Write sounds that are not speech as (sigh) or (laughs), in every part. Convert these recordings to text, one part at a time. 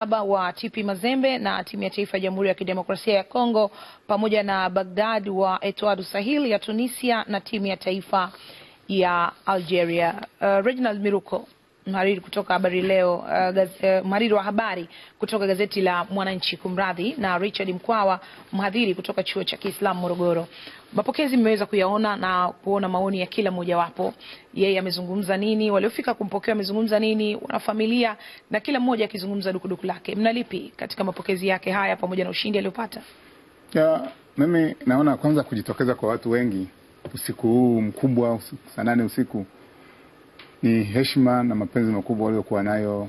Mkataba wa TP Mazembe na timu ya taifa ya Jamhuri ya Kidemokrasia ya Kongo pamoja na Baghdad wa Etoile Sahel ya Tunisia na timu ya taifa ya Algeria. Uh, Reginald Miruko mhariri kutoka habari leo uh, uh, wa habari kutoka gazeti la Mwananchi kumradhi, na Richard Mkwawa mhadhiri kutoka chuo cha Kiislamu Morogoro. Mapokezi mmeweza kuyaona na kuona maoni ya kila wapo, yeye amezungumza nini, waliofika kumpokea wamezungumza nini, familia na kila mmoja akizungumza dukuduku lake. Mnalipi katika mapokezi yake haya pamoja na ushindi aliopata? Ya, mimi naona kwanza kujitokeza kwa watu wengi usiku huu mkubwa, saa nane usiku ni heshima na mapenzi makubwa waliokuwa nayo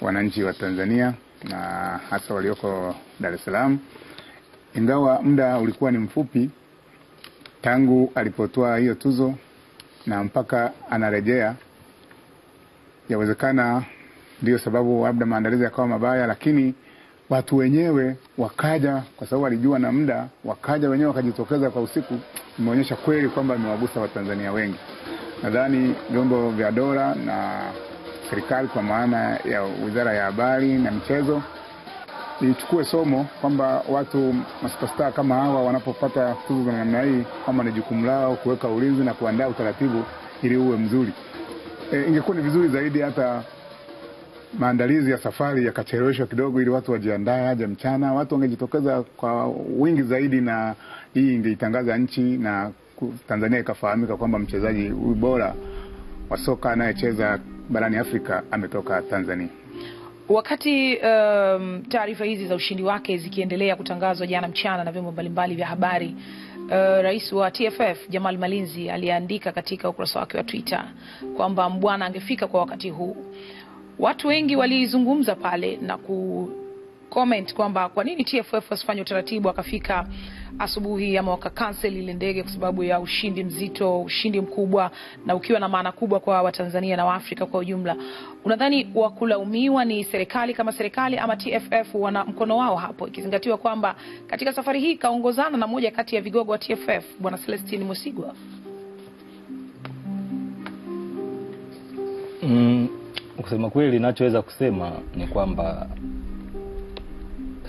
wananchi wa Tanzania na hasa walioko Dar es Salaam. Ingawa muda ulikuwa ni mfupi tangu alipotoa hiyo tuzo na mpaka anarejea, yawezekana ndiyo sababu labda maandalizi yakawa mabaya, lakini watu wenyewe wakaja, kwa sababu walijua na muda, wakaja wenyewe wakajitokeza kwa usiku, imeonyesha kweli kwamba amewagusa Watanzania wengi. Nadhani vyombo vya dola na serikali kwa maana ya wizara ya habari na michezo ichukue somo kwamba watu masupasta kama hawa wanapopata tuzo za namna hii, kwamba ni jukumu lao kuweka ulinzi na kuandaa utaratibu ili uwe mzuri. E, ingekuwa ni vizuri zaidi hata maandalizi ya safari yakacheleweshwa kidogo, ili watu wajiandae haja mchana, watu wangejitokeza kwa wingi zaidi, na hii ingeitangaza nchi na Tanzania ikafahamika kwamba mchezaji huyu bora wa soka anayecheza barani Afrika ametoka Tanzania. Wakati um, taarifa hizi za ushindi wake zikiendelea kutangazwa jana mchana na vyombo mbalimbali vya habari uh, rais wa TFF Jamal Malinzi aliandika katika ukurasa wake wa Twitter kwamba mbwana angefika kwa wakati huu. Watu wengi walizungumza pale na ku comment kwamba kwa nini TFF wasifanye utaratibu akafika asubuhi ama wakakansel ile ndege kwa sababu ya ushindi mzito, ushindi mkubwa na ukiwa na maana kubwa kwa Watanzania na Waafrika kwa ujumla. Unadhani wakulaumiwa ni serikali kama serikali ama TFF wana mkono wao hapo, ikizingatiwa kwamba katika safari hii kaongozana na moja kati ya vigogo wa TFF Bwana Celestine Musigwa? Mm, kusema kweli, nachoweza kusema ni kwamba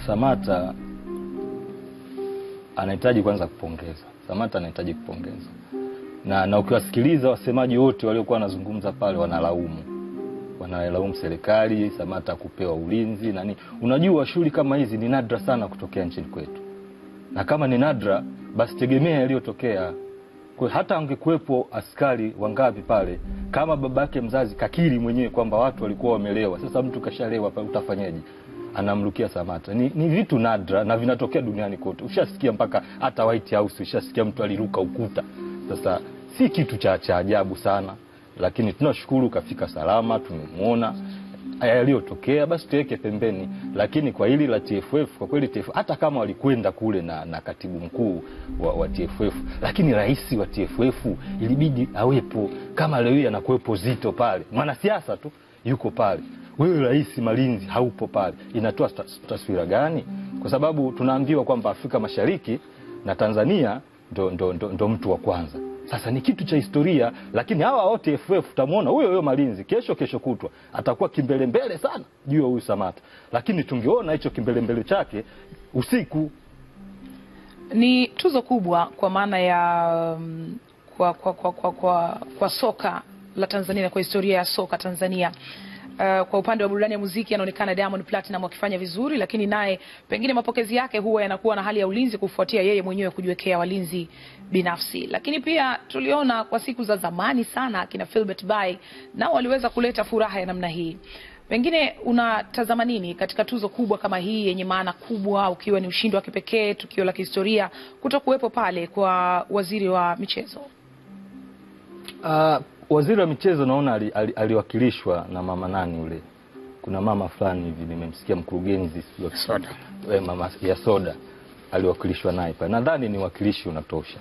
Samata anahitaji kwanza kupongeza. Samata anahitaji kupongeza na, na ukiwasikiliza wasemaji wote waliokuwa wanazungumza pale wanalaumu, wanalaumu serikali, Samata kupewa ulinzi nani. Unajua shughuli kama hizi ni nadra sana kutokea nchini kwetu, na kama ni nadra basi tegemea yaliyotokea kwa hata angekuwepo askari wangapi pale, kama babake mzazi kakiri mwenyewe kwamba watu walikuwa wamelewa. Sasa mtu kashalewa pale, utafanyaje? anamrukia Samata ni, ni vitu nadra na vinatokea duniani kote. Ushasikia mpaka hata White House, ushasikia mtu aliruka ukuta. Sasa si kitu cha cha ajabu sana, lakini tunashukuru kafika salama, tumemwona yaliyotokea basi tuweke pembeni, lakini kwa hili la TFF kwa kweli TFF, hata kama walikwenda kule na, na katibu mkuu wa, wa TFF, lakini rais wa TFF ilibidi awepo. Kama leo hii anakuwepo Zito pale, mwanasiasa tu yuko pale, wewe rais malinzi haupo pale, inatoa taswira gani? Kwa sababu tunaambiwa kwamba Afrika Mashariki na Tanzania ndo, ndo, ndo, ndo mtu wa kwanza. Sasa ni kitu cha historia, lakini hawa wote FF utamwona huyo huyo Malinzi kesho kesho kutwa atakuwa kimbelembele sana juu ya huyu Samata, lakini tungeona hicho kimbelembele chake usiku. Ni tuzo kubwa kwa maana ya um, kwa, kwa, kwa, kwa, kwa, kwa soka la Tanzania na kwa historia ya soka Tanzania. Uh, kwa upande wa burudani ya muziki anaonekana Diamond Platinum akifanya vizuri, lakini naye pengine mapokezi yake huwa yanakuwa na hali ya ulinzi kufuatia yeye mwenyewe kujiwekea walinzi binafsi. Lakini pia tuliona kwa siku za zamani sana kina Philbert Bay nao waliweza kuleta furaha ya namna hii. Pengine unatazama nini katika tuzo kubwa kama hii yenye maana kubwa, ukiwa ni ushindi wa kipekee, tukio la kihistoria, kutokuwepo pale kwa waziri wa michezo? Uh, Waziri wa michezo naona aliwakilishwa ali, ali na mama nani ule kuna mama fulani hivi nimemsikia mkurugenzi soda. We, eh, mama ya soda aliwakilishwa naye pale. Nadhani ni wakilishi unatosha,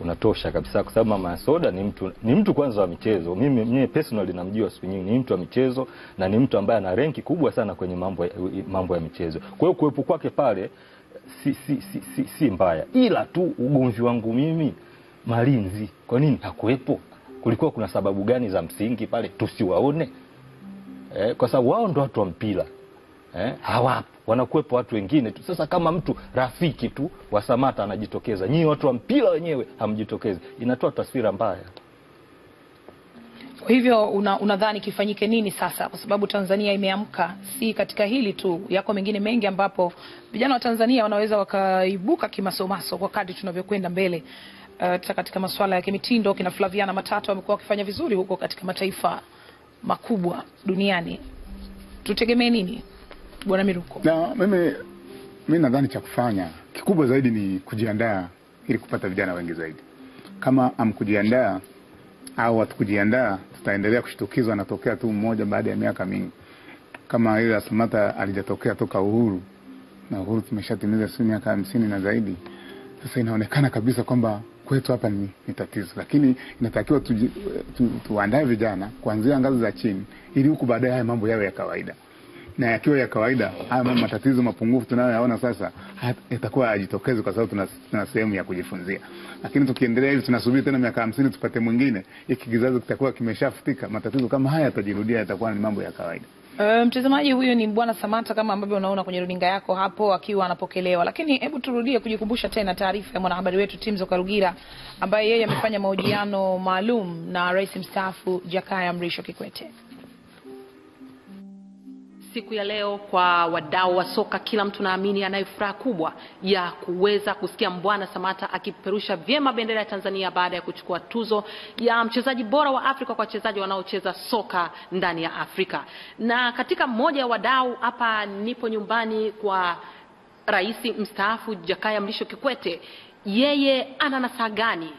unatosha kabisa, kwa sababu mama ya soda ni mtu, ni mtu kwanza wa michezo. Mimi mimi personally namjua siku nyingi, ni mtu wa michezo na ni mtu ambaye ana renki kubwa sana kwenye mambo, mambo ya michezo. Kwa hiyo kuwepo kwake pale si, si, si, si, si mbaya, ila tu ugomvi wangu mimi Malinzi, kwa nini hakuwepo? kulikuwa kuna sababu gani za msingi pale tusiwaone eh? Kwa sababu wao ndo watu wa mpira eh? Hawapo, wanakuwepo watu wengine tu. Sasa kama mtu rafiki tu wa Samata anajitokeza, nyinyi watu wa mpira wenyewe hamjitokezi, inatoa taswira mbaya. Kwa hivyo unadhani una kifanyike nini sasa, kwa sababu Tanzania imeamka, si katika hili tu, yako mengine mengi ambapo vijana wa Tanzania wanaweza wakaibuka kimasomaso kwa kadri tunavyokwenda mbele uh, katika masuala ya kimitindo kina Flaviana Matata wamekuwa wakifanya vizuri huko katika mataifa makubwa duniani. Tutegemee nini, Bwana Miruko? Na mimi mimi nadhani cha kufanya kikubwa zaidi ni kujiandaa ili kupata vijana wengi zaidi. Kama amkujiandaa au hatukujiandaa, tutaendelea kushtukizwa anatokea tu mmoja baada ya miaka mingi, kama ile Asmata alijatokea toka uhuru, na uhuru tumeshatimiza si miaka hamsini na zaidi. Sasa inaonekana kabisa kwamba kwetu hapa ni, ni tatizo, lakini inatakiwa tu, tu, tuandae vijana kuanzia ngazi za chini ili huku baadaye haya mambo yawe ya kawaida, na yakiwa ya kawaida haya mambo matatizo mapungufu tunayoyaona sasa yatakuwa yajitokeze, kwa sababu tuna, tuna sehemu ya kujifunzia. Lakini tukiendelea hivi tunasubiri tena miaka hamsini tupate mwingine, hiki kizazi kitakuwa kimeshafutika, matatizo kama haya yatajirudia, yatakuwa ni mambo ya kawaida. Eh, mtazamaji um, huyo ni Bwana Samata kama ambavyo unaona kwenye runinga yako hapo akiwa anapokelewa, lakini hebu turudie kujikumbusha tena taarifa ya mwanahabari wetu Timzo Karugira ambaye yeye amefanya mahojiano maalum na Rais mstaafu Jakaya Mrisho Kikwete siku ya leo kwa wadau wa soka, kila mtu naamini anayo furaha kubwa ya kuweza kusikia Mbwana Samata akipeperusha vyema bendera ya Tanzania baada ya kuchukua tuzo ya mchezaji bora wa Afrika kwa wachezaji wanaocheza soka ndani ya Afrika. Na katika mmoja ya wadau hapa, nipo nyumbani kwa Rais mstaafu Jakaya Mrisho Kikwete, yeye ana nasaha gani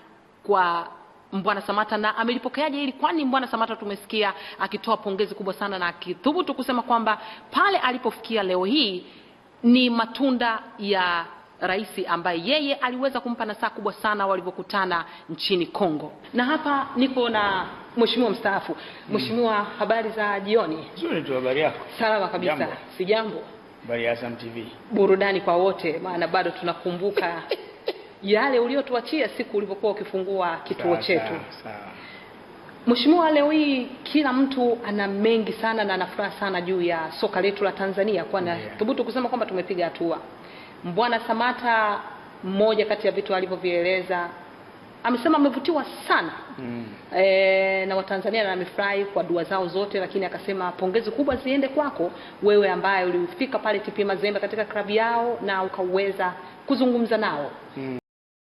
kwa Mbwana Samata na amelipokeaje hili? Kwani Mbwana Samata tumesikia akitoa pongezi kubwa sana na akithubutu kusema kwamba pale alipofikia leo hii ni matunda ya rais ambaye yeye aliweza kumpa nasaha kubwa sana walivyokutana nchini Kongo. Na hapa niko na mheshimiwa mstaafu. Mheshimiwa, habari za jioni? Nzuri tu, habari yako? Salama kabisa, si jambo. Habari ya Azam TV, burudani kwa wote, maana bado tunakumbuka (laughs) yale uliotuachia siku ulivyokuwa ukifungua kituo chetu. Mheshimiwa, leo hii kila mtu ana mengi sana na ana furaha sana juu ya soka letu la Tanzania kwa yeah. Thubutu kusema kwamba tumepiga hatua. Mbwana Samata, mmoja kati ya vitu alivyovieleza amesema amevutiwa sana mm. E, na Watanzania na amefurahi kwa dua zao zote, lakini akasema pongezi kubwa ziende kwako wewe ambaye ulifika pale TP Mazembe katika klabu yao na ukaweza kuzungumza nao mm.